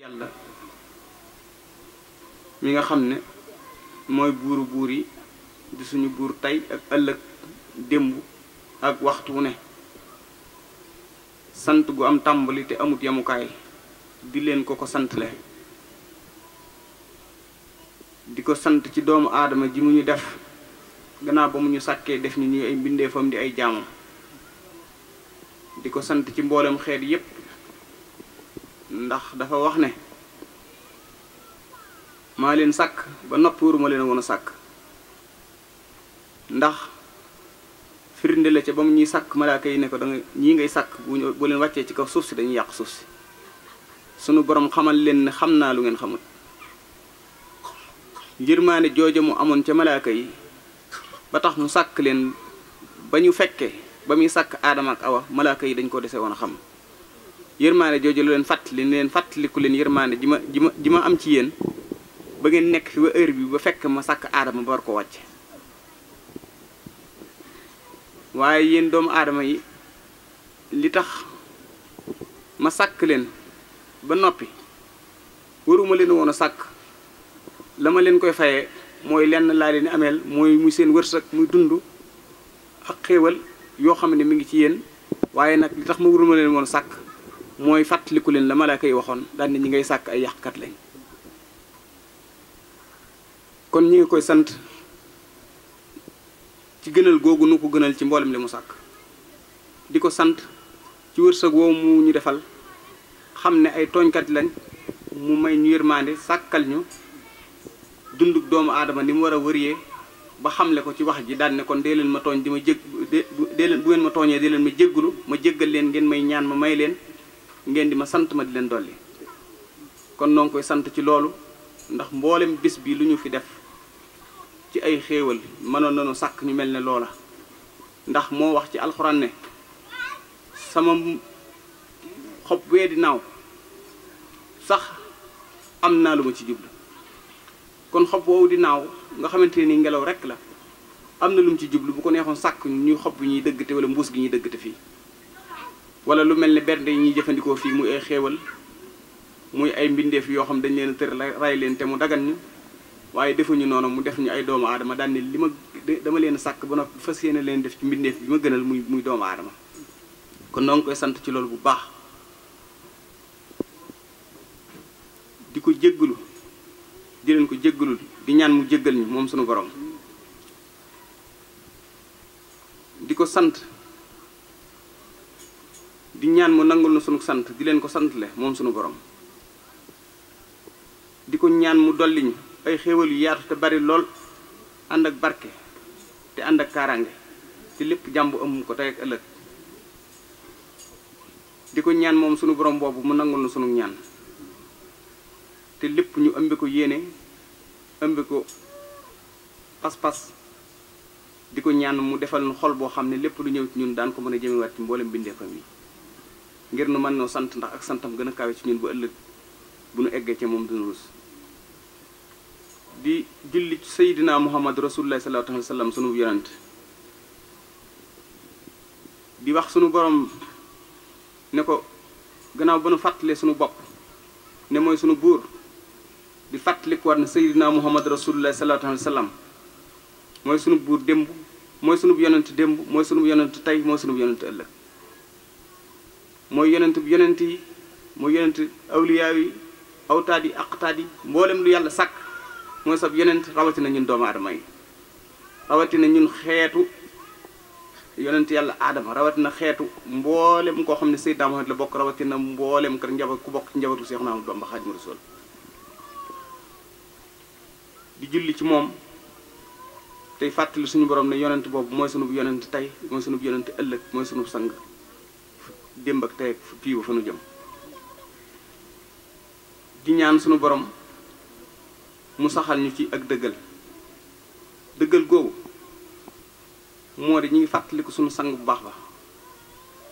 yalla mi nga xamne moy buru buri di suñu bur tay ak ëlëk dembu ak waxtu ne sant gu am tambali te amut yamukaay di leen ko ko santle di diko sant ci doomu adama ji muñu def gannaaw ba muñu sakke def ni ñuy ay fam di ay jamm diko sant ci mbolam xéet yépp ndax dafa wax ne maa leen sàkk ba nopp wuruma leen woon a sàkk ndax firinde la ca ba mu ñuy sàkk malaaka yi ne ko danga ñii ngay sàkk bu bu leen wàccee ci kaw suuf si dañu yàq suuf si sunu borom xamal leen ne xam naa lu ngeen xamul njërmaane jooja mu amoon ca malaaka yi ba tax mu sàkk leen ba ñu fekkee ba muy sàkk aadama ak awa malaaka yi dañ ko dese woon a xam yërmaande jooju la leen fàttali leen fàttaliku leen yërmaande ji ma ji ma ji ma am ci yéen ba ngeen nekk fi ba heure bi ba fekk ma sàkk aadama ba war ko wàcc waaye yéen doomu aadama yi li tax ma sàkk leen ba noppi waruma leen woon a sàkk la ma leen koy fayee mooy lenn laa leen ameel mooy muy seen wërsëg muy dund ak xéewal yoo xam ne mi ngi ci yéen waaye nag li tax ma waruma leen woon a sàkk mooy fàttaliku leen la malaaka yi waxoon daan ne ñi ngay sàkk ay kat lañ kon ñi ngi koy sant ci gënal googu nu ko gënal ci mboolem li mu sàkk di ko sant ci wërsëg woowu mu ñu defal xam ne ay tooñkat lañ mu may ñu yërmaande sàkkal ñu dunduk doomu aadama ni mu war a wëriyee ba xam xamle ko ci wax ji daan ne kon dee leen ma tooñ di ma jég dee leen bu ngeen ma tooñee dee leen ma jéggulu ma jéggal leen ngeen may ñaan ma may leen ngeen di ma sant ma di leen dolli kon noo koy sant ci loolu ndax mboolem bis bi lu ñu fi def ci ay xéewal mënoon nañu sàkk ñu mel ne loola ndax moo wax ci alxuraan ne sama xob wee di naaw sax am naa lu ma ci jublu kon xob woowu di naaw nga xamante ni ngelaw rek la am na lu mu ci jublu bu ko neexoon sàkk ñuy xob bi ñuy dëgg te wala mbuus gi ñuy dëggate fii wala lu mel ni benn yi ñuy jëfandikoo fii muy ay xéewal muy ay mbindeef yoo xam dañ leen tër ray leen te mu dagan ñu waaye defuñu noonu mu def ñu ay doomu aadama daan ne li ma dama leen sàkk ba noppi fas yéene leen def ci mbindeef bi ma gënal muy muy doomu aadama kon noo koy sant ci loolu bu baax di ko jëggalu di leen ko jéggalul di ñaan mu jéggal moom sunu borom di ko sant di ñaan mu nangul nu suñu sant di leen ko le moom suñu borom di ko ñaan mu dolliñu ay xéewal yu yaatu te bari lool ànd ak barke te ànd ak kaaraange te lépp jàmbu ëmm ko tey ak ëllëg di ko ñaan moom suñu borom boobu mu nangul nu suñu ñaan te lépp ñu ëmbi ko yéene ëmbi ko pas-pas di ko ñaan mu defal nu xol boo xam ne lépp lu ñëw ci ñun daan ko mën a jëmewaat ci mboolem ngir nu mën noo sant ndax ak santam gën a kawe ci ñun bu ëllëg bu nu eggee ca moom dunu rus di julli ci sayyidina muhammad rasulullah sallallahu alayhi sunu yonent di wax sunu borom ne ko gannaaw ba nu fàttalee sunu bopp ne mooy sunu buur di fàttalikuwaat ne sayyidina muhammad rasulullah sallallahu alayhi wa sallam mooy sunu buur démb mooy sunu yonent démb mooy sunu yonent tey mooy sunu yonent ëllëg mooy yonent yonent yi mooy yonent awliyaa yi awtaat yi aqtaat yi mboolem lu yàlla sàkk mooy sab yonent rawatina ñun doomu aadama yi rawatina ñun xeetu yonent yàlla aadama rawatina xeetu mboolem koo xam ne Seydina Muhammad la bokk rawatina mboolem kër njaboot ku bokk ci njabootu Seexuna Ahmadu Bamba Xaadimu Rasuul di julli ci moom tey fàttali suñu borom ne yonent boobu mooy sunu yonent tey mooy sunu yonent ëllëg mooy sunu sang démb ak tay ak ba fa nu jëm di ñaan sunu borom mu saxal ñu ci ak dëggal dëggal googu moo di ñu ngi fàttaliku suñu sang bu baax ba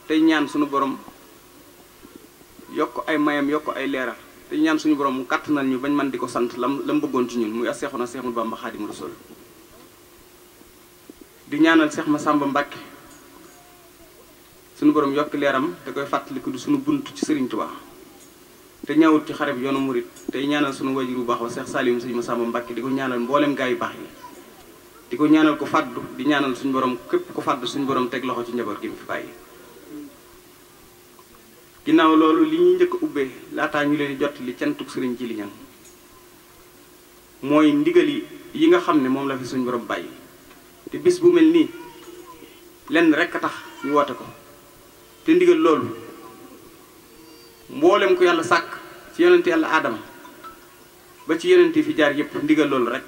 tey ñaan sunu borom yokk ay mayam yokk ay leeral dañ ñaan suñu borom mu kàttanal ñu bañ man di ko sant lam lam bëggoon ci ñun muy Seexuna Seexul Bamba Xaadimu rasul di ñaanal Seex Masamba Mbàkke sunu borom yok leeram da koy fàttaliku di sunu buntu ci Serigne Touba te ñaawut ci xare yonu yoonu murit tey ñaanal sunu wajiru baxo cheikh salim serigne Saalimu Sëñ Masamba Mbàkke ñaanal mbollem gaay bax yi di ñaanal ko faddu di ñaanal suñu borom kep ko faddu suñu borom teg loxo ci njaboot gi mu fi bayyi ginaaw lolu li ñuy njëkk ubbee laataa ñu leen jot li cantuk serigne jili ñan moy ndigal yi nga xamne ne la fi suñu borom bayyi te bis bu melni len rek tax ñu ko te ndigal loolu mboolem ko yàlla sàkk ci yonent yàlla aadama ba ci yeneen yonent fi jaar yëpp ndigal loolu rek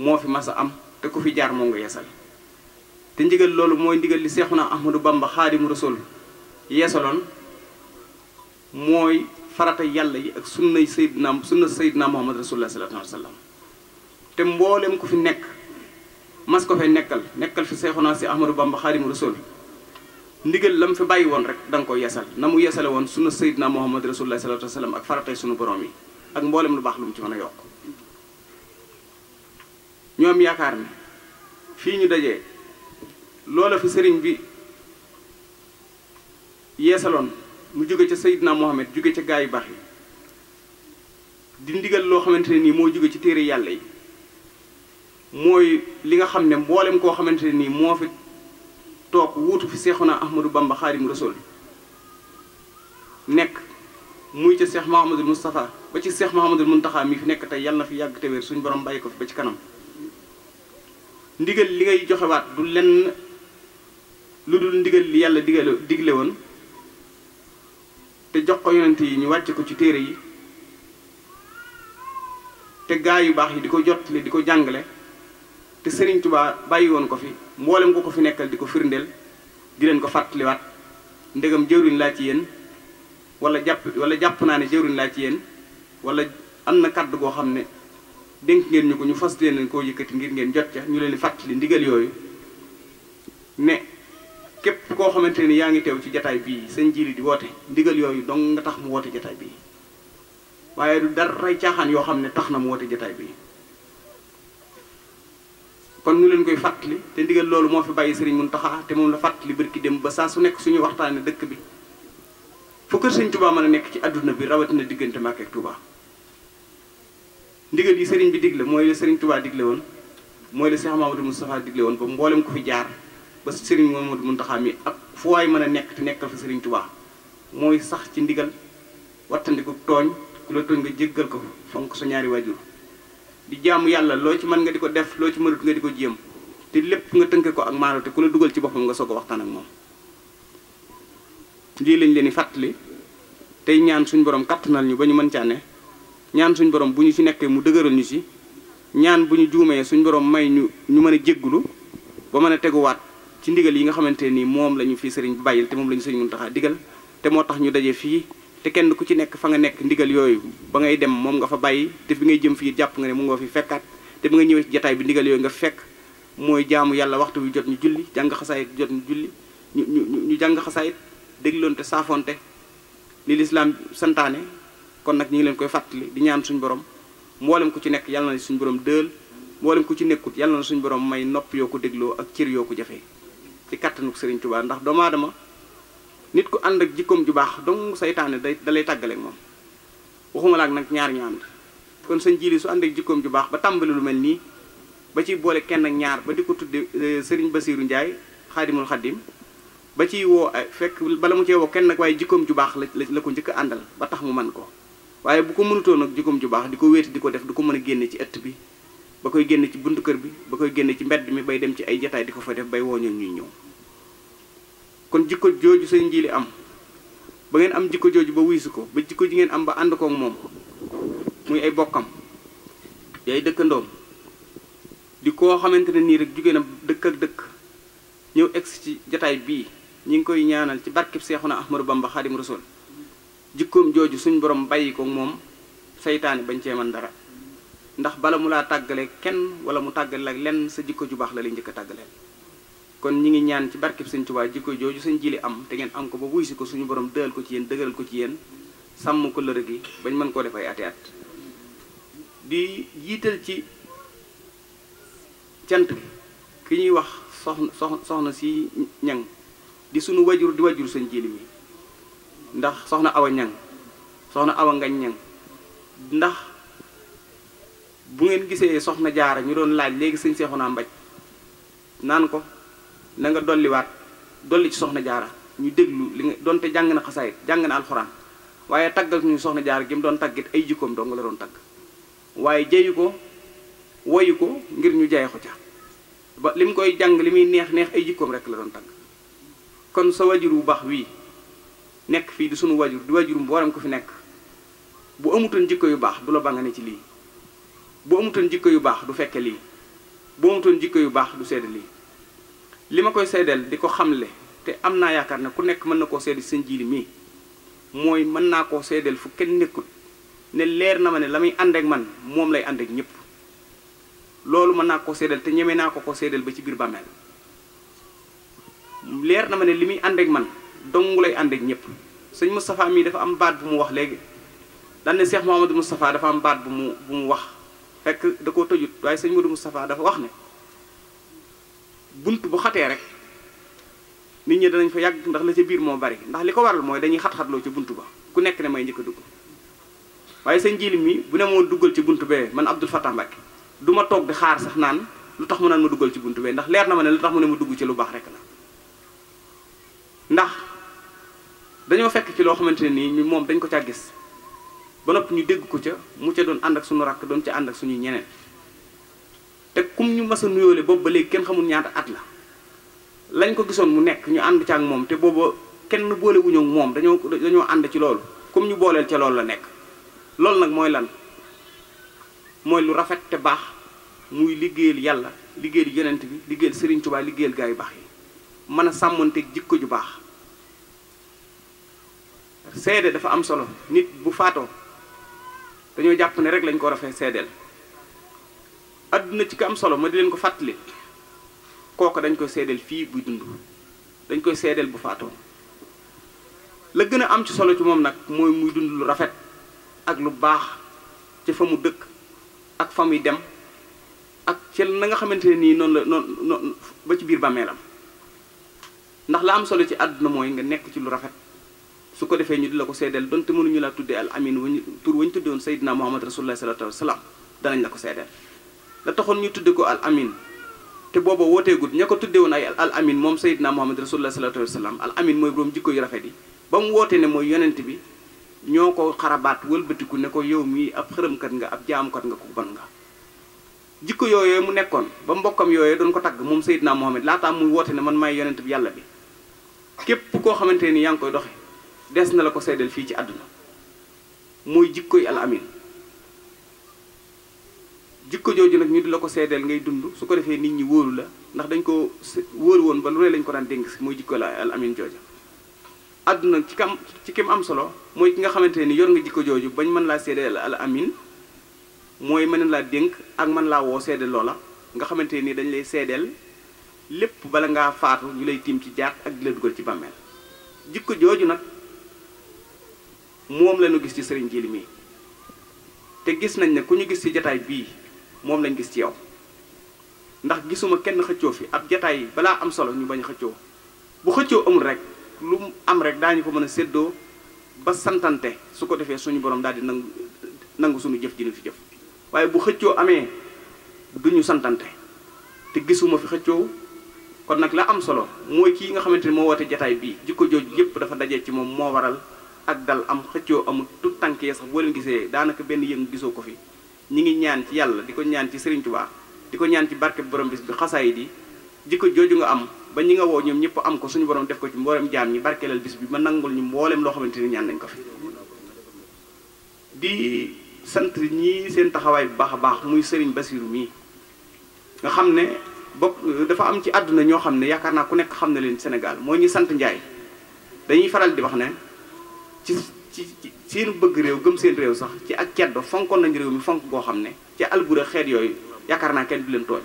moo fi mas a am te ku fi jaar moo nga yeesal te ndigal loolu mooy ndigal li Seexuna Ahmadu Bamba Xaadimu Rasul yeesaloon mooy farata yàlla yi ak sunnay Seydina sunna Seydina Muhammad Rasulullah sallallahu alayhi wa sallam te mboolem ku fi nekk mas ko fay nekkal nekkal fi Seexuna si Ahmadu Bamba Xaadimu Rasul ndigal la mu fi bàyyi woon rek danga ko yeesal na mu yeesale woon sunu sayyidna muhammad rasulullah sallallahu alayhi wa sallam ak faratay sunu borom yi ak mboolem lu baax lu mu ci mën a yokk ñoom yaakaar ni fii ñu dajee loola fi sëriñ bi yeesaloon mu jóge ca sayyidna muhammad jóge ca gaa yu baax yi di ndigal loo xamante ne nii moo jóge ci téere yàlla yi mooy li nga xam ne mboolem koo xamante ne nii moo fi toog wuutu fi Seexuna Ahmadu Bamba Xaadimu Rasuul nekk muy ca Seex Mahamadul Moustapha ba ci Seex Mahamadul Muntaxa mi fi nekk tey yàlla na fi yàgg te wér suñu borom bàyyi ko fi ba ci kanam ndigal li ngay joxewaat du lenn lu dul ndigal li yàlla digale digle woon te jox ko yonent yi ñu wàcce ko ci téere yi te gaa yu baax yi di ko jottali di ko jàngale te Serigne Touba bàyyi woon ko fi mboolem ko ko fi nekkal di ko firndeel di leen ko fàttaliwaat ndegam jëwriñ laa ci yéen wala jàpp wala jàpp naa ne jëwriñ laa ci yéen wala am na kàddu goo xam ne dénk ngeen ñu ko ñu fas leen koo yëkkati ngir ngeen jot ca ñu leen di fàttali ndigal yooyu ne képp koo xamante ne yaa ngi teew ci jataay bii sëñ jili di woote ndigal yooyu dong nga tax mu woote jataay bii waaye du dara caaxaan yoo xam ne tax na mu woote jataay bii kon ñu leen koy fàttali te ndigal loolu moo fi bàyyi sëriñ Muntaxa te moom la fàttali barki dem ba saa su nekk suñu waxtaane dëkk bi fu kër sëñ Touba mën a nekk ci àdduna bi rawatina diggante Màkka ak Touba ndigal yi sëriñ bi digle mooy la sëriñ Touba digle woon mooy la Cheikh Mamadou Moustapha digle woon ba mboolem ko fi jaar ba sëriñ Mamadou Muntaxa mi ak fu waay mën a nekk te nekkal fa sëriñ Touba mooy sax ci ndigal wattandiku tooñ ku la tooñ nga jéggal ko fonk sa ñaari waajur di jaamu yalla lo ci man nga diko ko def lo ci meurut nga diko ko te lepp nga tënke ko ak maanu te ku la dugal ci bopam nga soko waxtan ak mom lii lañ leni di tay ñaan suñu borom katnal ñu bañu mën ci ané ñaan suñu borom buñu ci nekké mu dëgëral ñu ci ñaan buñu juumé suñu borom may ñu ñu mëna jéggulu ba mëna téggu waat ci ndigal yi nga xamanté ni mom lañu fi sëriñ bayil te mom lañu sëriñ Muntaxa digal te ñu dajé fi te kenn ku ci nekk fa nga nekk ndigal yooyu ba ngay dem moom nga fa bàyyi te fi ngay jëm fii jàpp nga ne mu nga fi fekkaat te bi nga ñëwee ci jataay bi ndigal yooyu nga fekk mooy jaamu yàlla waxtu wi jot ñu julli jàng xasaayit jot ñu julli ñu ñu ñu jàng xasaayit dégloonte saafoonte li lislaam santaane kon nag ñu ngi leen koy fàttali di ñaan suñu borom mboolem ko ci nekk yàlla na suñu borom dël mboolem ku ci nekkut yàlla suñu borom may nopp yoo ko dégloo ak cër yoo ko jafee ci kàttanu Sëriñ nit ku ànd ak jikkoom ju baax dong seytaane day dalay tàggaleeg moom waxuma laak nag ñaar ñu ànd kon sëñ jili su ànd ak jikkoom ju baax ba tàmbali lu mel nii ba ci boole kenn ak ñaar ba di ko tudde euh, sëriñ Basiiru Njaay xaadimul xaddim ba ci woo eh, fekk bala mu cee woo kenn nag waaye jikkoom ju baax la la ko njëkk àndal ba tax mu man ko waaye bu ko mënutoo nag jikkoom ju baax di ko wéeti di ko def du ko mën a génne ci ëtt bi ba koy génne ci buntu kër bi ba koy génne ci mbedd mi bay dem ci ay jataay di ko fa def bay wooñoon ñuy ñëw kon jikko jooju sëñ njiili am ba ngeen am jikko jooju ba wuysu ko ba jikko ji ngeen am ba ànd koog moom muy ay bokkam yaay dëkkandoom di koo xamante ne nii rek jugee na dëkk ak dëkk ñëw egsi ci jataay bii ñu ngi koy ñaanal ci barkeb Seexuna Ahmadu Bamba Xaadim Rasul jikkoom jooju suñ borom bàyyi ko moom saytaane bañ cee man dara ndax bala mu laa tàggalee kenn wala mu tàggale ak lenn sa jikko ju baax la lay njëkk a tàggaleel kon ñi ngi ñaan ci barkeb sëñ Tuubaa jikko jooju sëñ jili am te ngeen am ko ba wuy si ko suñu borom dëgal ko ci yéen dëgëral ko ci yéen sàmm ko lërë gi bañ mën koo def ay at di jiital ci cant ki ñuy wax soxna soxna si ñang di suñu wajur di wajur sëñ jili mi ndax soxna awa ñang soxna awa ngañ ñan ndax bu ngeen gisee soxna jaara ñu doon laaj léegi sëñ seexu naa mbaj naan ko na nga dolliwaat dolli ci soxna jaara ñu déglu li nga donte jàng na xasaayit jàng na alxuraan waaye taggal ñu soxna jaara gi mu doon taggit ay jikkoom dong la doon tagg waaye jeyu ko woyu ko ngir ñu jaye ko ca ba li mu koy jàng li muy neex neex ay jikkoom rek la doon tagg kon sa wajur wu baax wii nekk fii di sunu wajur di wajurum booram ko fi nekk bu amutoon jikko yu baax du la ba nga ne ci lii bu amutoon jikko yu baax du fekke lii bu amutoon jikko yu baax du sedd lii li ma koy seedeel di ko xamle te am naa yaakaar ne ku nekk mën na koo sedd sëñ jiili mii mooy mën naa koo seedeel fu kenn nekkut ne leer na ma ne la muy ànd man moom lay ànd ñëpp loolu mën naa koo seedeel te ñeme naa ko koo seedeel ba ci biir bàmmeel leer na ma ne li muy ànd ak man dongu lay ànd ak ñëpp sëñ Moustapha mii dafa am baat bu mu wax léegi daan ne Cheikh Mouhamadou Moustapha dafa am baat bu mu bu mu wax fekk da koo tëjut waaye sëñ Modou Moustapha dafa wax ne bunt bu xatee rek nit ñi danañ fa yàgg ndax la ca biir moo bari ndax li ko waral mooy dañuy xat-xatloo ci bunt ba ku nekk ne may njëkk a dugg waaye sëñ Jili mi bu ne moo duggal ci bunt bee man Abdoul Fatah Mbacké du ma toog di xaar sax naan lu tax mu naan ma duggal ci buntu bee ndax leer na ma ne lu tax mu ma dugg ci lu baax rek la ndax dañoo fekk ci loo xamante ne nii moom dañ ko caa gis ba nopp ñu dégg ko ca mu ca doon ànd ak suñu rakk doon ca ànd ak suñu ñeneen te kum ñu mas a nuyoole boobu ba léegi kenn xamul ñaata at la lañ ko gisoon mu nekk ñu ànd ca ak moom te booba kenn boole wuñu ak moom dañoo dañoo ànd ci loolu comme ñu booleel ca lool la nekk loolu nag mooy lan mooy lu rafet te baax muy liggéeyal yàlla liggéeyal yonent bi liggéeyal Serigne Touba liggéeyal gaa yu baax yi mën a sàmmanteeg jikko ju baax seede dafa am solo nit bu faatoo dañoo jàpp ne rek lañ ko rafet seedeel adduna ci ko am solo ma di leen ko fàttali kooku dañ koy seedeel fii buy dund dañ koy seedeel bu faatoo la gën a am ci solo ci moom nag mooy muy dund lu rafet ak lu baax ci fa mu dëkk ak fa muy dem ak ci na nga xamante ne nii noonu la noonu ba ci biir bàmmeelam ndax la am solo ci àdduna mooy nga nekk ci lu rafet su ko defee ñu di la ko seedeel donte mënuñu laa tuddee al amin wañu tur wañu tuddee woon Seydina Muhammad rasulullah sallallahu alayhi wa sallam danañ la ko seedeel la taxoon ñu tudde ko al amin te booba wooteegut ña ko tudde woon ay al amin moom sayyidina muhammad rasulullah sallallahu alayhi wa sallam al amin mooy boroom jikko yu rafet yi ba mu wootee ne mooy yonent bi ñoo ko xarabaat wëlbatiku ne ko yow mii ab xërëmkat nga ab jaamkat nga ko ban nga jikko yooyee mu nekkoon ba mbokkam yooyee doon ko tagg moom Seydina Mohamed laataa muy woote ne man maay yonent bi yàlla bi képp koo xamante ni yaa ngi koy doxe des na la ko seddal fii ci àdduna mooy jikkoy al amin jikko joji nak ñu di ko seedeel ngay dund su ko défé nit ñi wooru la ndax dañ ko wooru won ba lu ne lañ ko daan deng si jikko la al amin jojo aduna ci kam ci kim am solo moy ki nga xamante ni yor nga jikko jojo bañ man la sédel al amin moy man la deng ak man la wo sédel lola nga xamante ni dañ lay sédel lepp bala nga faatu ñu lay tim ci jaat ak dila duggal ci bammel jikko jojo nak mom la ñu gis ci serigne jili te gis nañ ne ku ñu gis ci jotaay bii moom lañ gis ci yow ndax gisuma kenn xëccoo fi ab jataay balaa am solo ñu bañ xëccoo bu xëccoo amul rek lu am rek daañu ko mën a seddoo ba santante su ko defee suñu borom daal di nangu nangu suñu jëf ji nu fi jëf waaye bu xëccoo amee ñu santante te gisuma fi xëccoo kon nag la am solo mooy kii nga xamante ni moo woote jataay bi jikko jooju yépp dafa dajee ci moom moo waral ak dal am xëccoo amul tout tànk ya sax boo leen gisee daanaka benn yëngu gisoo ko fi ñi ngi ñaan ci yàlla di ko ñaan ci Serigne Touba di ko ñaan ci barke borom bis bi xasaay di jooju nga am ba ñi nga woo ñoom ñëpp am ko suñu borom def ko ci mboolem jaam ñi barkeelal bis bi ma nangul ñu mboolem loo xamante ñaan nañ ko fi di sant ñi seen taxawaay bu baax a baax muy Serigne Bassirou mii nga xam ne dafa am ci àdduna ñoo xam ne yaakaar naa ku nekk xam na leen Sénégal ñu sant dañuy faral di wax ne ci ci seenu bëgg réew gëm seen réew sax ci ak ceddo fonkoon nañu réew mi fonk goo xam ne ci albure xeet yooyu yaakaar naa kenn du leen tooñ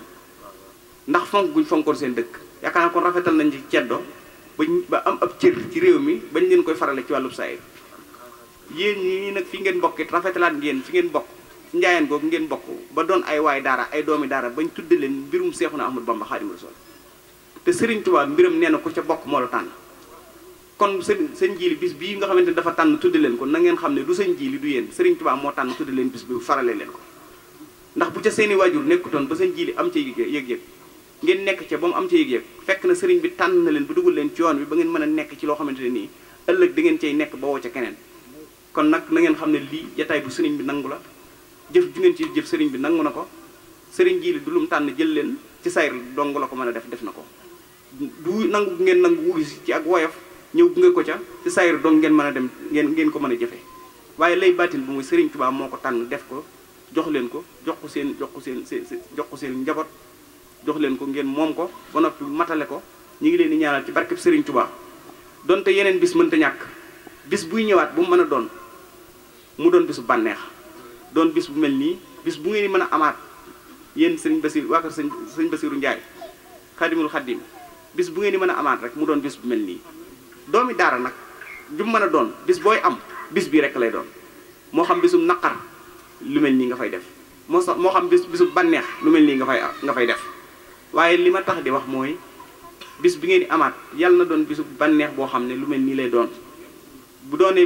ndax fonk guñ fonkoon seen dëkk yaakaar naa kon rafetal nañ ci ceddo bañ ba am ab cër ci réew mi bañ leen koy farale ci wàllu saay yéen ñii nag fi ngeen bokkit rafetalaat ngeen fi ngeen bokk ci njaayeen googu ngeen bokk ba doon ay waay daara ay doomi daara bañ tudde leen mbirum Seexuna Ahmadu Bamba Xaadimu Rasuul te Sëriñ Tuubaa nee na ko ca bokk la tànn kon sëriñ sëñ jiili bis bii nga xamante ne dafa tànn tudde leen ko nangeen xam ne du sëñ jiili du yéen sëriñ Tuubaa moo tànn tudde leen bis bi farale leen ko ndax bu ca seeni waajur nekkutoon ba sëñ jiili am ca yëg-yëg ngeen nekk ca ba mu am ca yëg-yëg fekk na sëriñ bi tànn na leen bu dugal leen ci yoon bi ba ngeen mën a nekk ci loo xamante ne nii ëllëg da ngeen cay nekk ba woo ca keneen kon nag nangeen xam ne lii jataay bu sëriñ bi nangu la jëf ju ngeen ci jëf sëriñ bi nangu na ko sëriñ jiili du lum tànn jël leen ci sayr dong la ko mën a def def na ko du nangu ngeen nangu ci ak woyof ñëw gunge ko ca ci saayir dong ngeen mën a dem ngeen ngeen ko mën a jëfee waaye lay baatin bu muy Serigne Touba moo ko tànn def ko jox leen ko jox ko seen jox ko seen jox ko seen njaboot jox leen ko ngeen moom ko ba noppi matale ko ñu ngi leen di ñaanal ci barkeb Serigne Touba. donte yeneen bis mën mënta ñàkk bis buy ñëwaat bu mu mën a doon mu doon bisu bànneex doon bis bu mel nii bis bu ngeen mën a amaat yéen sëñ Basir waa kër sëñ sëñ Basiru Njaay xadimul xadim bis bu ngeen di mën a amaat rek mu doon bis bu mel nii. doomi daara nak bu meuna doon bis boy am bis bi rek lay doon mo xam bisum nakar lu melni nga fay def mo xam bis bisum banex lu melni nga fay nga fay def waye lima tax di wax moy bis bi ngeen di amaat yàlla na doon bisu banex bo xamne lu melni lay doon bu doonee